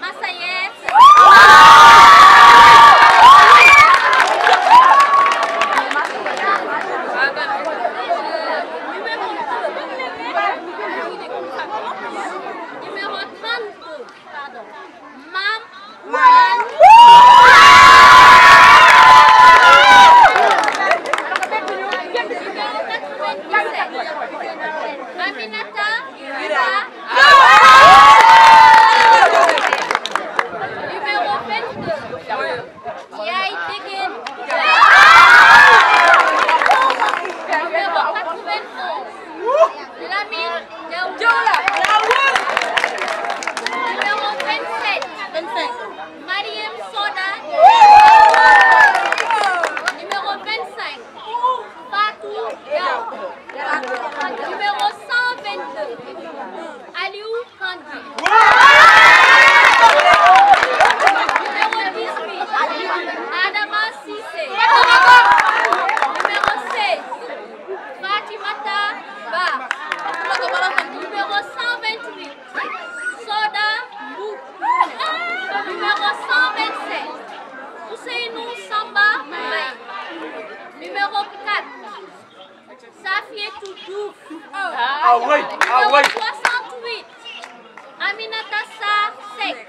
Massayette. Ousseynou Samba Mbaye numéro 4 Safietou Diouf ah oui ah oui numéro 68 Aminata Sarr Seck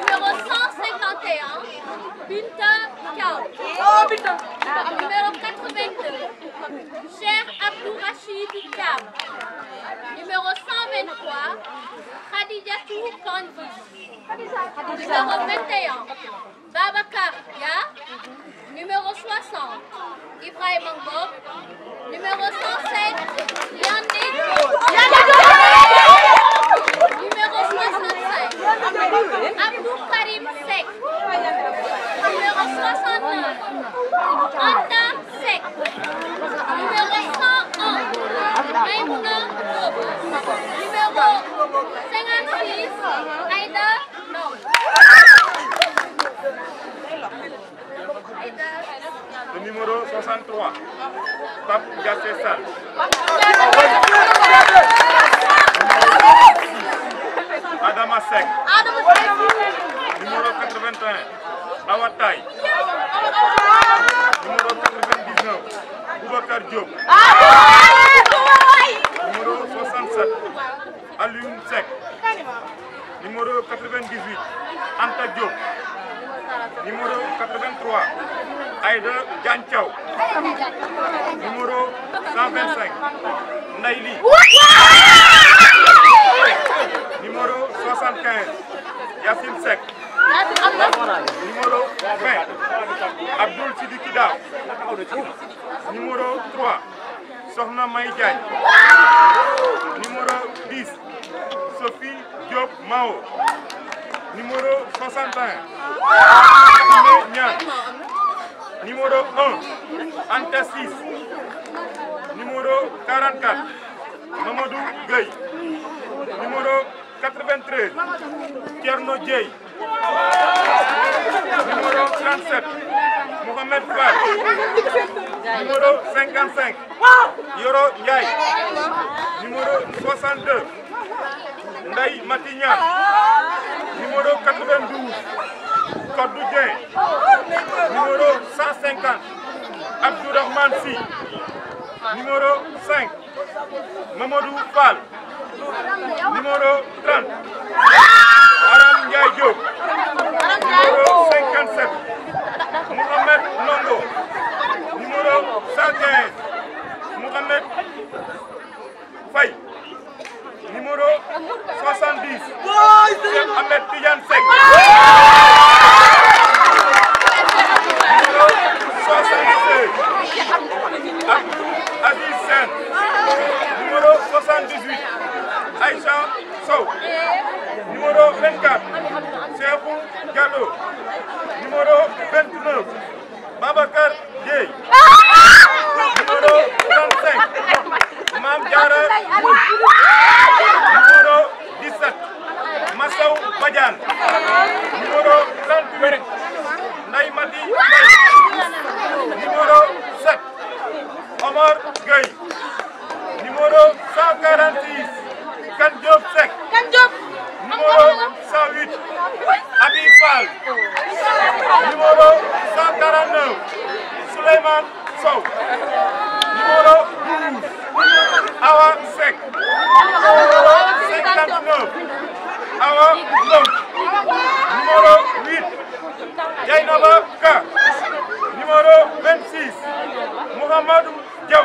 numéro 151 Binta Cacao. Oh putain ah, Numéro 82, Cher Abdou Rachid Cam. Numéro 123, Khadijatou Kandji. Numéro 21, Babacar Ya. Numéro 60, Ibrahim Ngom. Numéro 107, Yandé Numéro 65, Abdou 56 Aida Ndong Le numéro 63 Pape Adama Seck Numéro 81 Awa Taye Dianthiaw numéro 125 Ndayli numéro 75 Yacine Seck numéro 20 Abdoul Sidiki Daw numéro 3 Sokhna May Diagne numéro 10 Sophie Diop Mao numéro 61 Ime Niang numéro 1 Anta Sis numéro 44 Mamadou Gueye numéro 93 Thierno Dieye numéro 37 Mohamed Fall numéro 55 Yoro Ndiaye numéro 62 Ndeye Matignan numéro 92 Kodou Dieng numéro 150 Abdourahmane Sy numéro 5 Mamadou Fall numéro 30 Aram Ndiaye Diop numéro 57 Mohamed Longo numéro 115 Mohamed Faye numéro 70 Cheikh Ahmed Tidiane Seck numéro 146 Kan Diop Seck numéro 108 Habib Fall numéro 149 Souleymane Sow numéro 12 Awa Seck numéro 59 Awa Ndong numéro 8 Dieynaba Ka numéro 26 Mouhamadou Diaw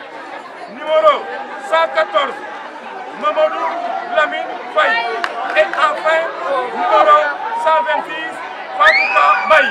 numéro 114, Mamadou Lamine Faye. Et enfin, numéro 126, Fatouka Maï.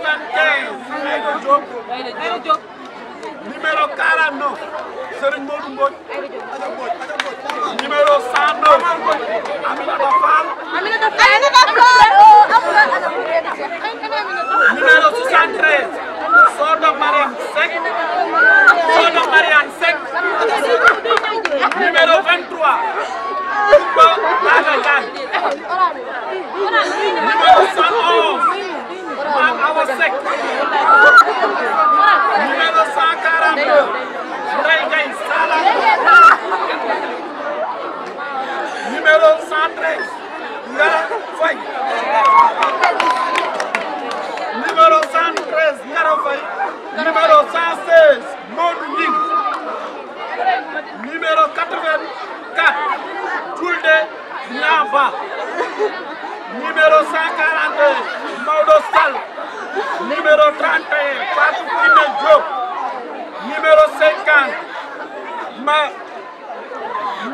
75 Aïda Diop Aïda Diop numéro 49 Serigne Modou Mbodj numéro 109 Aminata Fall Aminata Fall numéro 73 Sodo Mariam Seck Sodo Mariam Seck numéro 23 Kumba Maga Diagne Awa Seck numéro 142 Ndeye Gueye Sala numéro 113 Ngara Faye numéro 113 Ngara Faye numéro 116 Modou Ning numéro 84 Toulde Niamba numéro 142 Maodo Sall numéro 31 Fatou Kiné Diop numéro 50 ma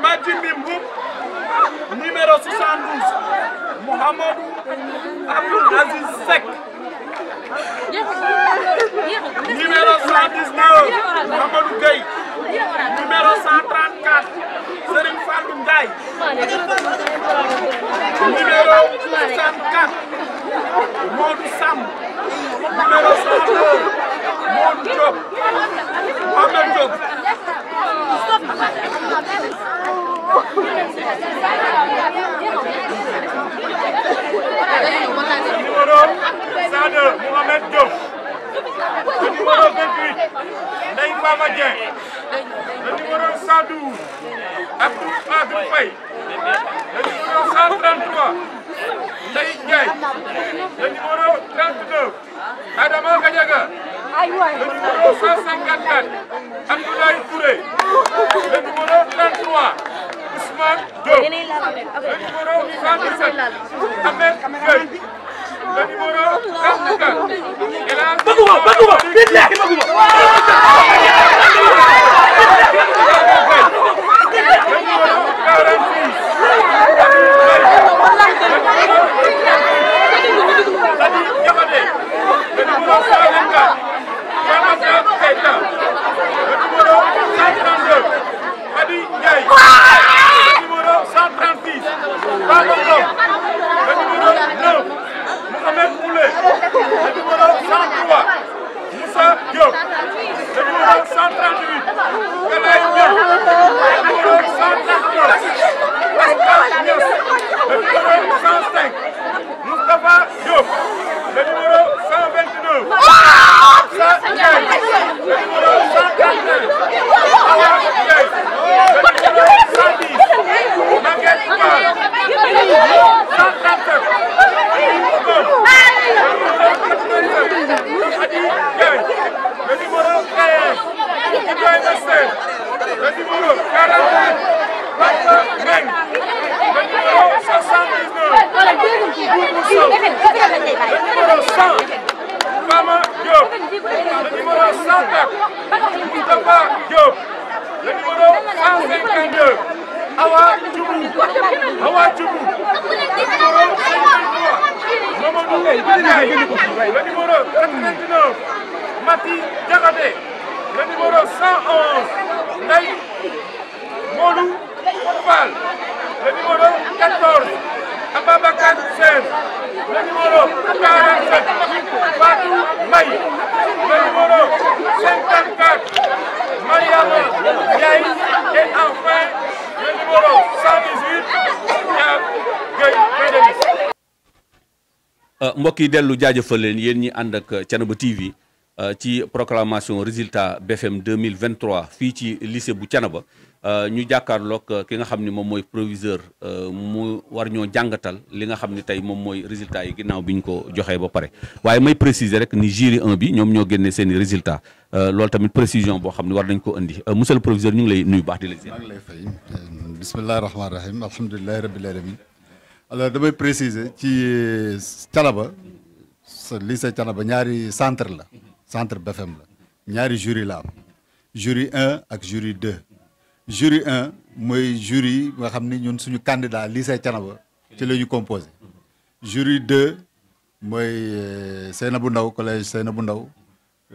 Madjimbi Mboup numéro 72 Mouhamadou Abdoul Aziz Seck numéro 119 Amadou Gueye numéro 134 Serigne Fallou Ndiaye numéro Modou Sam numéro 102 Modou Diop Mohamed Diop numéro 102 Mohamed Diop le numéro 28 Ndeye Baba Dieng le numéro 112 Abdou Khadre Faye le numéro 133 Saïd Ndiaye le numéro 32 Adama Gadiaga le numéro 154 Abdoulaye Touré le numéro 33 Ousmane Diop le numéro 117 Ahmed Gueye le numéro 34 Baguma Baguma billahi Baguma le numéro 99 Mati Diakhaté le numéro 111 Ndeye Modou Fall le numéro 14 Ababacar Sène le numéro 47 Fatou May le numéro 54 Mariama Ndiaye et enfin le numéro 118 Niang Gueye Bédélis Euh, mbokk yi dellu jaajëfal leen yéen ñi ànd ak Thiénaba TV euh, ci proclamation résultat BFM 2023 fii ci lycée bu Thiénaba euh, ñu jàkkaarloog ki nga xam ni moom mooy proviseur mu war ñoo jàngatal li nga xam ni tey moom mooy résultat yi ginaaw bi ñu ko joxee ba pare waaye may préciser rek ni jury 1 bi ñoom ñoo génnee seeni résultat loolu tamit précision boo xam ne war nañ ko indi monsieur le proviseur ñu ngi lay nuyu baax di la ziar. maa ngi lay fay bismillahi rahmaani rahim alhamdulilahi rabbil alors damay préciser ci euh, Thiénaba lycée Thiénaba ñaari centre la centre BFM la ñaari jury la am jury 1 ak jury 2 jury 1 mooy jury nga xam ni ñun suñu candidat lycée Thiénaba ci la ñu composé jury 2 mooy euh, Seynabou Ndaw collège Seynabou Ndaw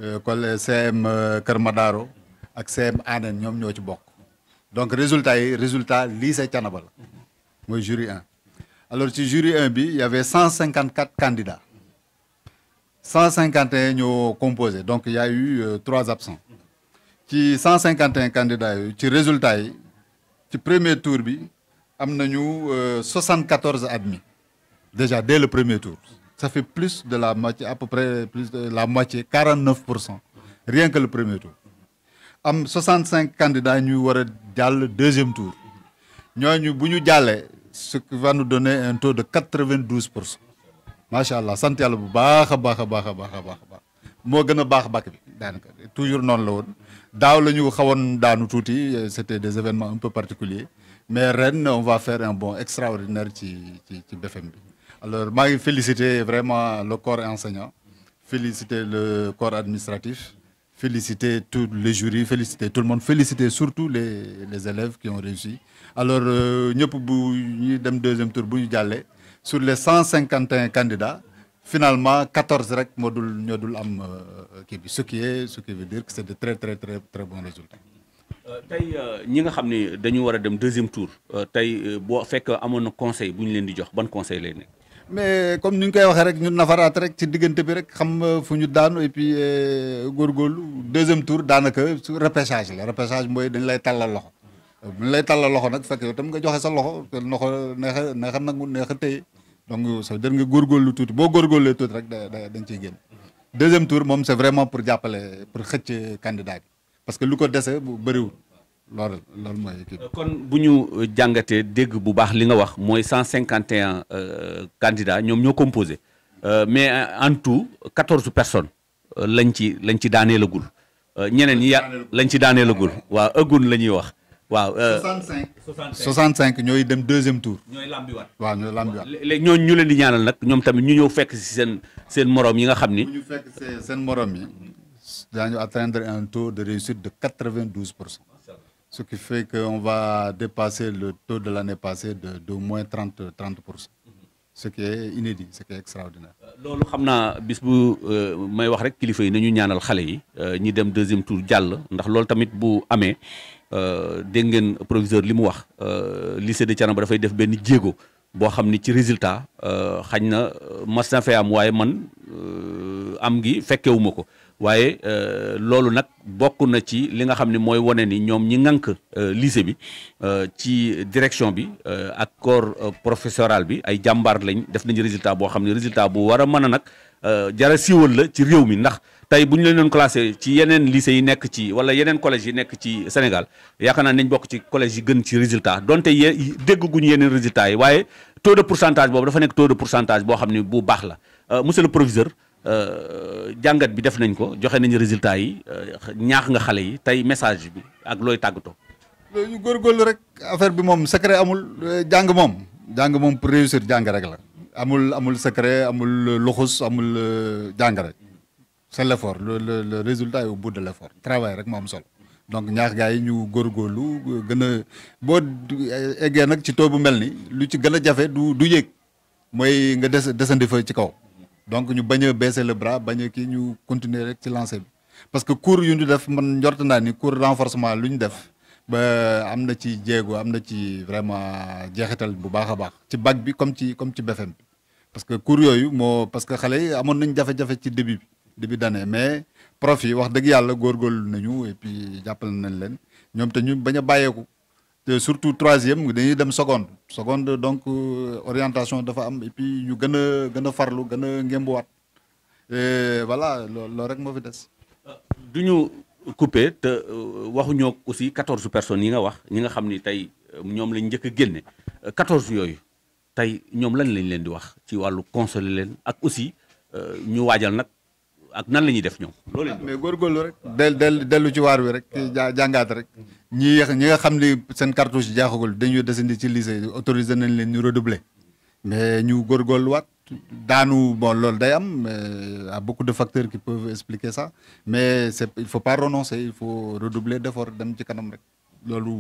euh, collège CM Kër Madaro ak CM Anen ñoom ñoo ci bokk donc résultat yi résultat lycée Thiénaba la mooy jury 1 alors ci jury 1 bi il y avait 154 candidats 151 ñoo composé donc il y a eu euh, trois absents ci 151 candidats yooyu ci résultat yi ci premier tour bi am nañu 74 euh, admis déjà dès le premier tour ça fait plus de la moitié à peu près plus de la moitié 49 pour cent rien que le premier tour am 65 candidats ñu war a jàll deuxième tour ñooñu bu ñu jàllee ce qui va nous donner un taux de 92 pour cent macha allah sant yàlla bu baax a baax a baax a baax a baax moo gën a baax bàkk bi daanaka toujours noonu la woon daaw la ñu xawoon daanu tuuti c'était des événements un peu particuliers mais ren on va faire un bond extraordinaire ci ci ci BFM bi alors maa ngi féliciter vraiment le corps enseignant féliciter le corps administratif féliciter tout les jurys féliciter tout le monde féliciter surtout les les élèves qui ont réussi alors euh, ñëpp bu ñuy dem deuxième tour bu ñu jàlle sur les cent cinquante et un candidats finalement rek moo dul ñoo dul am euh, kii bi ce qui est ce qui veut dire que c'est de très très très très bons résultats. Euh, tey ñi nga xam ni dañu war a dem deuxième tour. tey boo fekk amoon na conseil bu ñu leen di jox ban conseil lay nekk. mais comme ni ñu koy waxee rek ñu nafaraat rek ci diggante bi rek xam euh, fu ñu daanu et góor euh, góorgóorlu deuxième tour daanaka su repêchage la repêchage mooy dañ lay tàllal loxo euh, bu ñu lay tàllal loxo nag fekk yow tam nga joxe sa loxo te loxo neex a neex a nangu neex a téye donc ça veut dire nga lu tuuti boo góorgóorlee tuuti rek dañ ciy génn deuxième tour moom c'est vraiment pour jàppale pour xëcc candidat parce que lu ko dese bëriwul. loolu loolu mooy kii kon bu ñu euh, jàngatee dégg bu baax li nga wax mooy cent cinquante et un euh, candidats ñoom ñoo composé euh, mais en tout quatorze personnes lañ ci lañ ci daaneelagul ñeneen ñi ya lañ ci daaneelagul waaw ëggun la ñuy wax waaw. 65 65 ñooy dem deuxième tour. ñooy lambiwaat waaw ñooy lambiwaat. léegi ñooñu ñu leen di ñaanal nag ñoom tamit ñu ñëw fekk si seen seen morom yi nga xam ni. bu ñu fekk seen morom yi. daañu atteindre un taux de réussite de 92 pour ce qui fait qu'on va dépasser le taux de l'année passée de d'au moins 30 30 pour cent mm-hmm. ce qui est inédit ce qui est extraordinaire. Euh, loolu xam naa bis bu euh, may wax rek kilifa yi nañu ñaanal xale yi euh, ñi dem deuxième tour jàll ndax loolu tamit bu amee dégg ngeen proviseur li mu wax lycée de Thiénaba dafay def benn jéego boo xam ni ci résultat xañ na mas na fee am waaye man am ngi fekkewuma ko. waaye euh, loolu nag bokk na ci li nga xam ne mooy wane ni ñoom ñi ŋànk euh, lycée bi euh, ci direction bi ak corps professoral bi ay jàmbaar lañ def nañu résultat boo xam ne résultat bu wara a mën a nag jara siiwal la ci réew mi ndax tey bu ñu leen doon classé ci yeneen lycée yi nekk ci wala yeneen collège yi nekk ci Sénégal yaakaar naa nañ bokk ci collège yi gën ci résultat donte ye dégguñu yeneen résultat yi waaye taux de pourcentage boobu dafa nekk taux de pourcentage boo xam ne bu baax la monsieur le proviseur Euh, jàngat bi def nañ ko joxe nañu résultat yi euh, ñaax nga xale yi tey message bi ak looy tàggatoo. loolu ñu góorgóorlu rek affaire bi moom secret amul euh, jàng moom jàng moom pour réussir jàng rek la amul amul secret amul luxus amul jàng rek c'est l'effort résultat est au bout de l'effort travail rek moo am solo donc ñaax gaa yi ñu góorgóorlu gën a boo eggee nag ci taux bu mel ni lu ci gën a jafe du du yéeg mooy nga des desandi fa ci kaw donc ñu bañ a baisser le bras bañ a kii ñu continuer rek ci lancé bi parce que cours yu ñu def man njort naa ni cours renforcement lu ñu def ba am na ci jéego am na ci vraiment jeexital bu baax a baax ci bac bi comme ci comme ci BFM bi parce que cours yooyu moo parce que xale yi amoon nañ jafe-jafe ci début bi début d'année mais prof yi wax dëgg yàlla góorgóorlu nañu et puis jàppale nañ leen ñoom te ñu bañ a bàyyeeku te surtout troisième dañuy dem seconde seconde donc euh, orientation dafa am et puis ñu gën a gën a farlu gën a ngémbuwaat et voilà loolu rek moo fi des. du ñu coupé te euh, waxuñoo aussi quatorze personnes yi nga wax ñi nga xam ni tey euh, ñoom lañ njëkk a génne quatorze yooyu tey ñoom lañ lañ leen di wax ci wàllu consoler leen ak aussi ñu waajal nag. ak nan la ñuy def ñoom. loolu la mais góorgóorlu rek. dellu ci waar wi rek. waaw jàngaat rek. ñi ñi nga xam ni seen cartouche jaaxagul dañuy desandi ci lycée autorisé nañ leen ñu redoubler. mais ñu góorgóorluwaat daanu bon lool day am à beaucoup de facteurs qui peuvent expliquer ça mais c'est il faut pas renoncer il faut redoubler d'effort dem ci kanam rek. loolu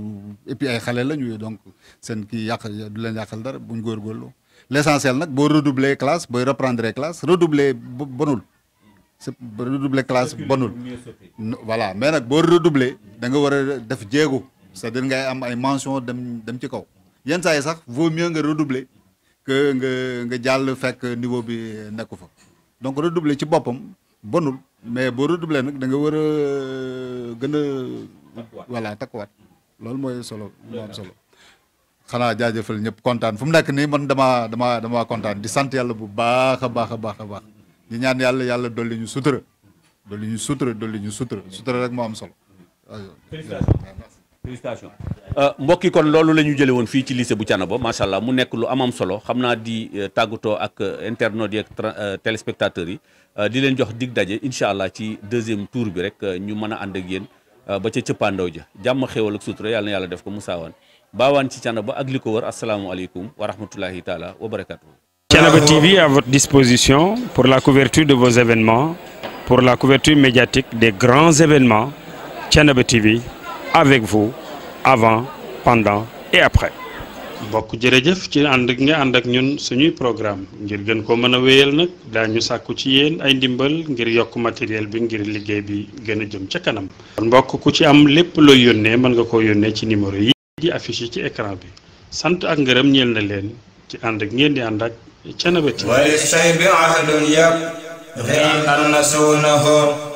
et ay xale la ñu donc seen kii yàq du leen yàqal dara buñ góorgóorloo l' essentiel nag boo redoubler classe booy reprendre classe redoubler bonul c'est redoubler classe bonul voilà mais nag boo redoubler da nga war a def jéegu c'est-à-dire ngay am ay mention dem dem ci kaw yenn saa yi sax vaut mieux nga redoubler que nga nga jàll fekk niveau bi nekku fa donc redoubler ci boppam bonul mais boo redoubler nag da nga war a euh, gën a voilà takkuwaat loolu mooy solo moo am solo xanaa jaajëfal ñëpp kontaan fu mu nekk nii man damaa damaa damaa kontaan di sant yàlla bu baax a baax a baax a baax di ñaan yàlla yàlla dolli ñu sutura dolli ñu sutura dolli ñu sutura sutura rek moo am solo. félicitations euh, mbokk yi kon loolu la ñu jëlee woon fii ci lycée bu Thiénaba macha allah mu nekk lu am solo xam naa di euh, tàggatoo ak euh, internautes yi ak téléspectateurs yi di leen jox dig daje incha allah ci deuxième tour bi rek ñu mën a ànd ak yéen ba ca cëppaandaw ja jàmm xéwal ak sutura yàlla yàlla def ko mu saawaan baawaan ci Thiénaba ak li ko wër asalaamualeykum wa rahmatullahi taala wa barakatuh Thiénaba TV à votre disposition pour la couverture de vos événements, pour la couverture médiatique des grands événements. Thiénaba TV avec vous avant, pendant et après. bokk jërëjëf ci ànd ak nga ànd ak ñun suñuy programme ngir gën ko mën a wéyal nag daañu sàkku ci yéen ay ndimbal ngir yokk matériel bi ngir liggéey bi gën a jëm ca kanam. kon mbokk ku ci am lépp looy yónnee mën nga ko yónnee ci numéro yi di affiché ci écran bi sant ak ngërëm ñeel na leen ci ànd ak ngeen di ànd ak. canabati walis say bi ahadun yab xëy an nasuunahu